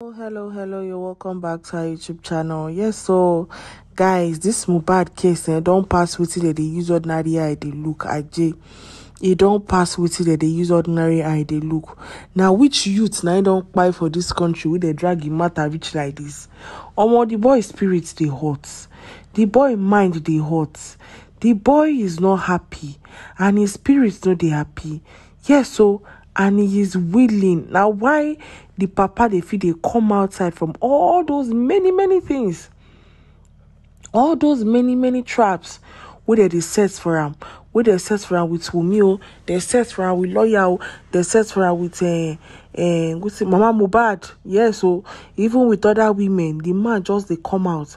Oh, hello hello you're welcome back to our youtube channel yes so guys this mubad case eh, don't pass with it they use ordinary eye they look it don't pass with dem they use ordinary eye look now which youth I don't buy for this country with the drag im matter which like this or more the boy spirit they hot the boy mind they hot the boy is not happy and his spirit not they happy yes so and he is willing. Now, why the papa they feel they come outside from all those many, many things, all those many, many traps where they set for him, where they set for him with Wumio, they set for him with lawyer, they set for him with uh, uh, what's it, Mama Mubad. Yeah, so even with other women, the man just they come out.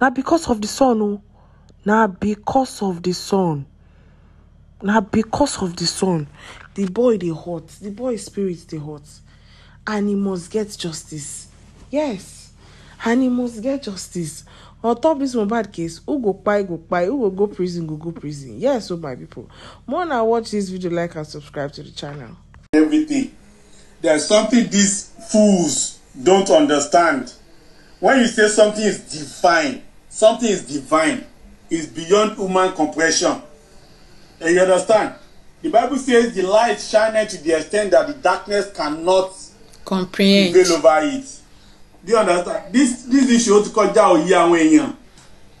Now because of the son, now because of the son. na because of di son the boy dey hot the boy spirit dey hot and he must get justice yes and he must get justice on top dis mohbad case who go kpai go kpai who go go prison go go prison yes o oh, my people. more na watch this video like and subscribe to the channel everything there's something these fools don't understand when you say something is divine something is divine is beyond human comprehension And eh, you understand? The Bible says the light shined to the extent that the darkness cannot comprehend prevail over it. Do you understand? This this issue ó ti kọjá òye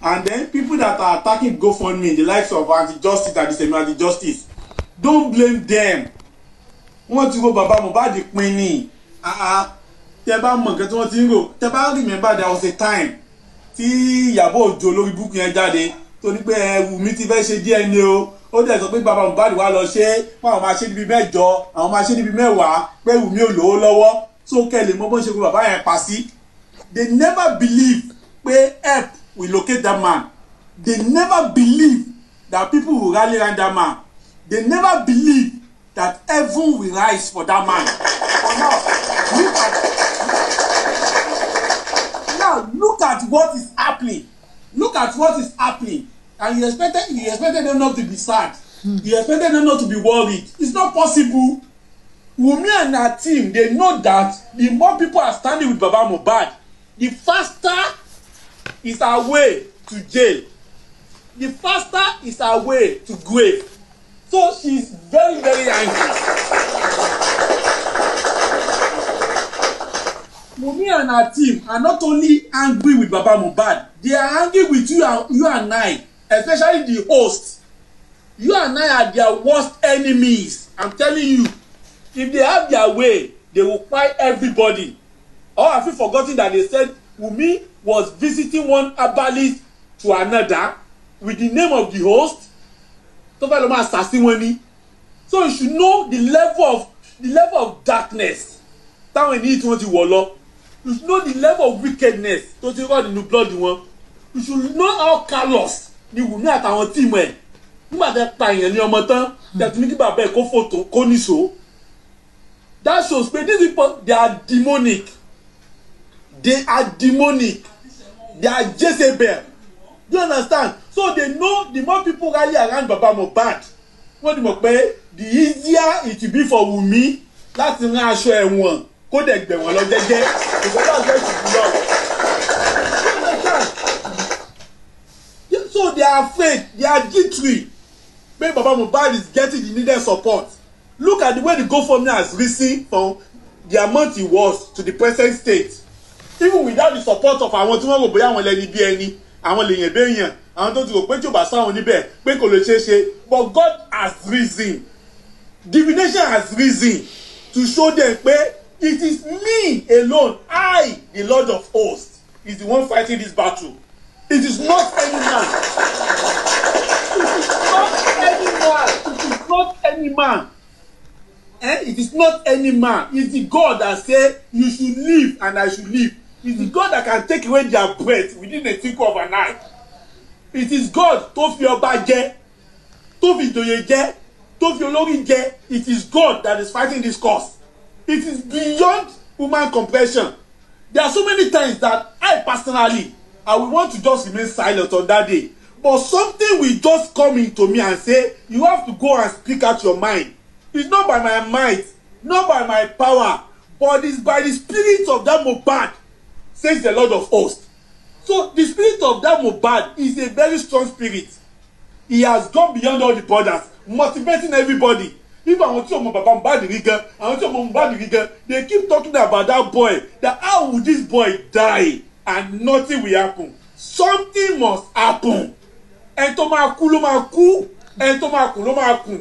And then people that are attacking GoFundMe, the likes of anti-justice and the anti justice don't blame them. Wọ́n ti wo bàbá Mohbad pin ni. Ah, ah. Tẹ bá mọ nǹkan tí wọ́n ti ń rò. Tẹ bá remember there was a time tí Ìyábọ̀ Òjó lórí búkú yẹn jáde tó ní pé ẹ Wùmí ti fẹ́ ṣe DNA o ó dẹ̀ sọ pé bàbá Mohbad wá lọ ṣe é pé àwọn máa ṣe níbi mẹ́jọ àwọn máa ṣe níbi mẹ́wàá pé Wùmí ò lówó lọ́wọ́ so kẹ́lẹ̀ mọ́ bó ń ṣe kó bàbá yẹn pa sí they never believe pé help will locate that man they never believe that people will rally around that man they never believe that heaven will rise for that man for now look at now look at what is happening look at what is happening and he expected he expected them not to be sad mm. you expected them not to be worried it's not possible wunmi and her team dey know that the more people are standing with baba mohbad the faster is her way to jail the faster is her way to grave so she is very very angry. wunmi and her team are not only angry with baba mohbad they are angry with you and you and i especially the host you and I are their worst enemies I'm telling you if they have their way they will kpai everybody or oh, have you forgotten that they said Wunmi was visiting one herbalist to another with the name of the host tó fẹ́ lọ máa sàsí wọn ni so you should know the level of the level of darkness táwọn ènìyàn tí wọ́n ti wọ̀ lọ you should know the level of wickedness tó ti rọ̀ nínú blood wọn you should know how callous ni wùmí àtàwọn tíìmù ẹ̀ nígbà tẹ pa èèyàn ní ọmọ tán tẹ̀tún ní kí bàbá ẹ̀ kó fòtò kó nìṣó that shows pé these people they are demonic they are demonic they are Jezebel you understand so they know the more people rally around baba bad. wọ́n ti mọ̀ pé the easier it will be for Wunmi láti rán aṣọ ẹ̀wọ̀n kó dẹ̀ gbẹ̀wọ̀n lọ jẹ́jẹ́ ìgbẹ́jọ́ àgbẹ̀ ìṣùkú náà. so they are afraid they are jittery make baba mohbad is getting the needed support look at the way the gofamina has risen from the amount he was to the present state even without the support of àwọn tí wọ́n rò bóyá àwọn lẹni bí ẹni àwọn lèèyàn béèyàn àwọn tó ti rò pé tí ò bá sáwọn níbẹ̀ pé kò lè ṣeé ṣe but God has risen divination has risen to show them pé it is me alone I the Lord of hosts is the one fighting this battle It is not any man. It is not any man. It is not any man. Eh? It is not any man. It's the God that say you should live and I should live. It's the God that can take away their breath within a tinkle of an eye. It is God tó fi ọba jẹ, tó fi ìjòyè jẹ, tó fi olórí jẹ. It is God that is fighting this cause. It is beyond human comprehension. There are so many times that I personally and we want to just remain silent on that day but something will just come into me and say you have to go and speak out your mind it's not by my might not by my power but it's by the spirit of that Mohbad says the Lord of hosts so the spirit of that Mohbad is a very strong spirit he has gone beyond all the borders motivating everybody even àwọn tí ọmọ bàbá Mohbad rí gan àwọn tí ọmọ Mohbad rí gan they keep talking about that boy that how would this boy die and nothing will happen something must happen ẹni tó máa kú ló máa kú ẹni tó máa kú ló máa kú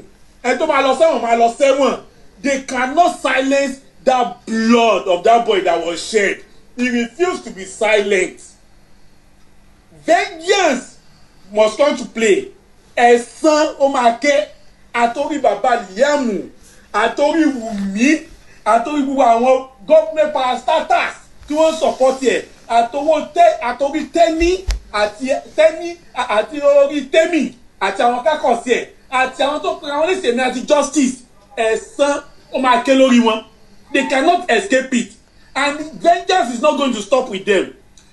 ẹni tó máa lọ sẹ́wọ̀n máa lọ sẹ́wọ̀n they cannot silence that blood of that boy that was shed he refused to be silent vengeance must come to play ẹ̀san ó máa ké àtòrí bàbá Liam àtòrí Wùmí àtòrí gbogbo àwọn gọ́fúnmẹ́ parastatals tí wọ́n ń sọ̀pọ̀tì ẹ̀ àtowó tẹ àtorí tẹ́ní àti tẹ́ní àti orí tẹ́mì àti àwọn kákọ̀sí ẹ̀ àti àwọn tó kọ́ra wọn léṣe ní àti justice ẹ̀san ó máa ké lórí wọn they cannot escape it and vengeance is not going to stop with them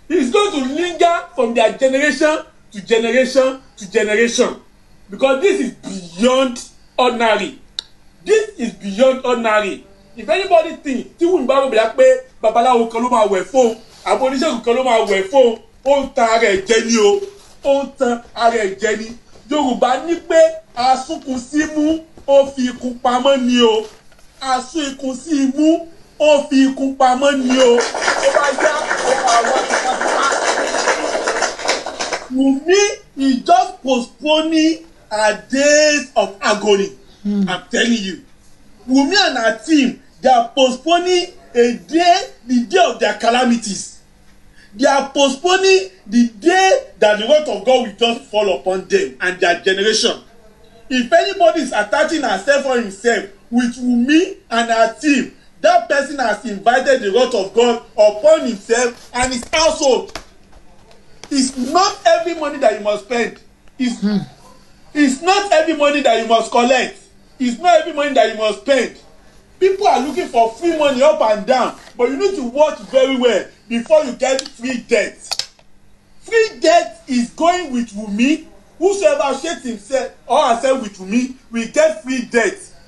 it is going to linger from their generation to generation to generation because this is beyond ordinary this is beyond ordinary if anybody think tí wùmí bá rò bìlá pé babaláwo kan ló máa wẹ̀ fóun àbò oníṣègùn kan ló máa wẹ̀ fún ó ń ta ara ẹ̀ jẹ ni o ó ń tan ara ẹ̀ jẹ ni yorùbá ní pé asúnkun sí mú ó fi ikùn pamọ́ ni o asún ikùn sí mú ó fi ikùn pamọ́ ni o ó bá yá ọmọ àwọn ìpàdé Wunmi is just postponing her days of agony mm. I'm telling you Wunmi and her team they are postponing a day the day of their calamities they are postponing the day that the word of God will just fall upon them and their generation. If anybody is attaching herself or himself with Wunmi and her team, that person has invited the wrath of God upon himself and his household. It's not every money that you must spend. It's, hmm. it's not every money that you must collect. It's not every money that you must spend. People are looking for free money up and down, but you need to watch very well before you get free death free death is going with wunmi whosoever shakes himself or herself with wunmi will get free death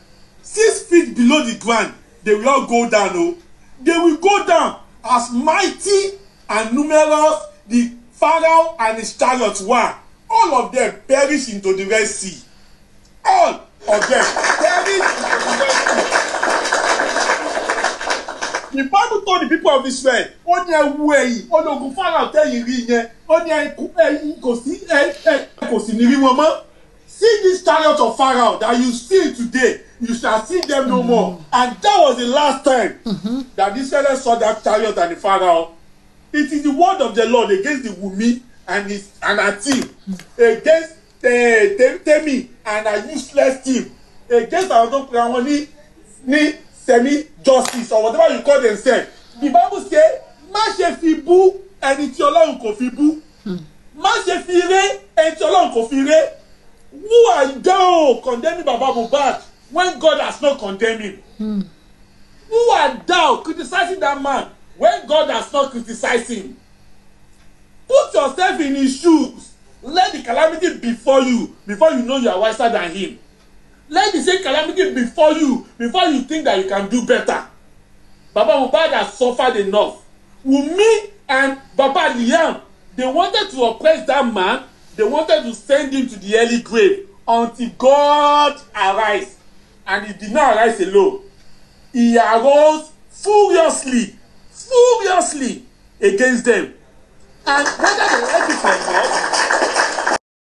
six feet below the ground they will all go down o oh. they will go down as mighty and numerous the pharaoh and his chariots were all of them perish into the red sea all of them perish into the red sea. to the people of Israel ó ní ẹ wú ẹ̀yìn ó ní ogun Fáráò tẹ̀yìn rí yẹn ó ní ẹ̀yìn kò sí kò sì ní rí wọn mọ́ see this chariot of Pharaoh that you see today you shall see them no mm. more and that was the last time mm-hmm. that this Israelites saw that chariot and the Pharaoh it is the word of the Lord against the Wunmi and his and her team against uh, Temi and her useless team against àwọn tó pe àwọn ní ní semi-justice or whatever you call themselves the bible say má ṣe fi bú ẹni tí ọlọ́run kò fi bú má ṣe fi ré ẹni tí ọlọ́run kò fi ré who are thou condemning baba Mohbad when God has not condemned him hmm. who are thou criticizing that man when God has not criticized him put yourself in his shoes let the calamity before you before you know you are wiser than him let the same calamity before you before you think that you can do better baba mohbad has suffered enough wunmi and baba liam they wanted to oppress that man they wanted to send him to the early grave until god arise and he did not arise alone he arose furiously furiously against them and whether they like it or not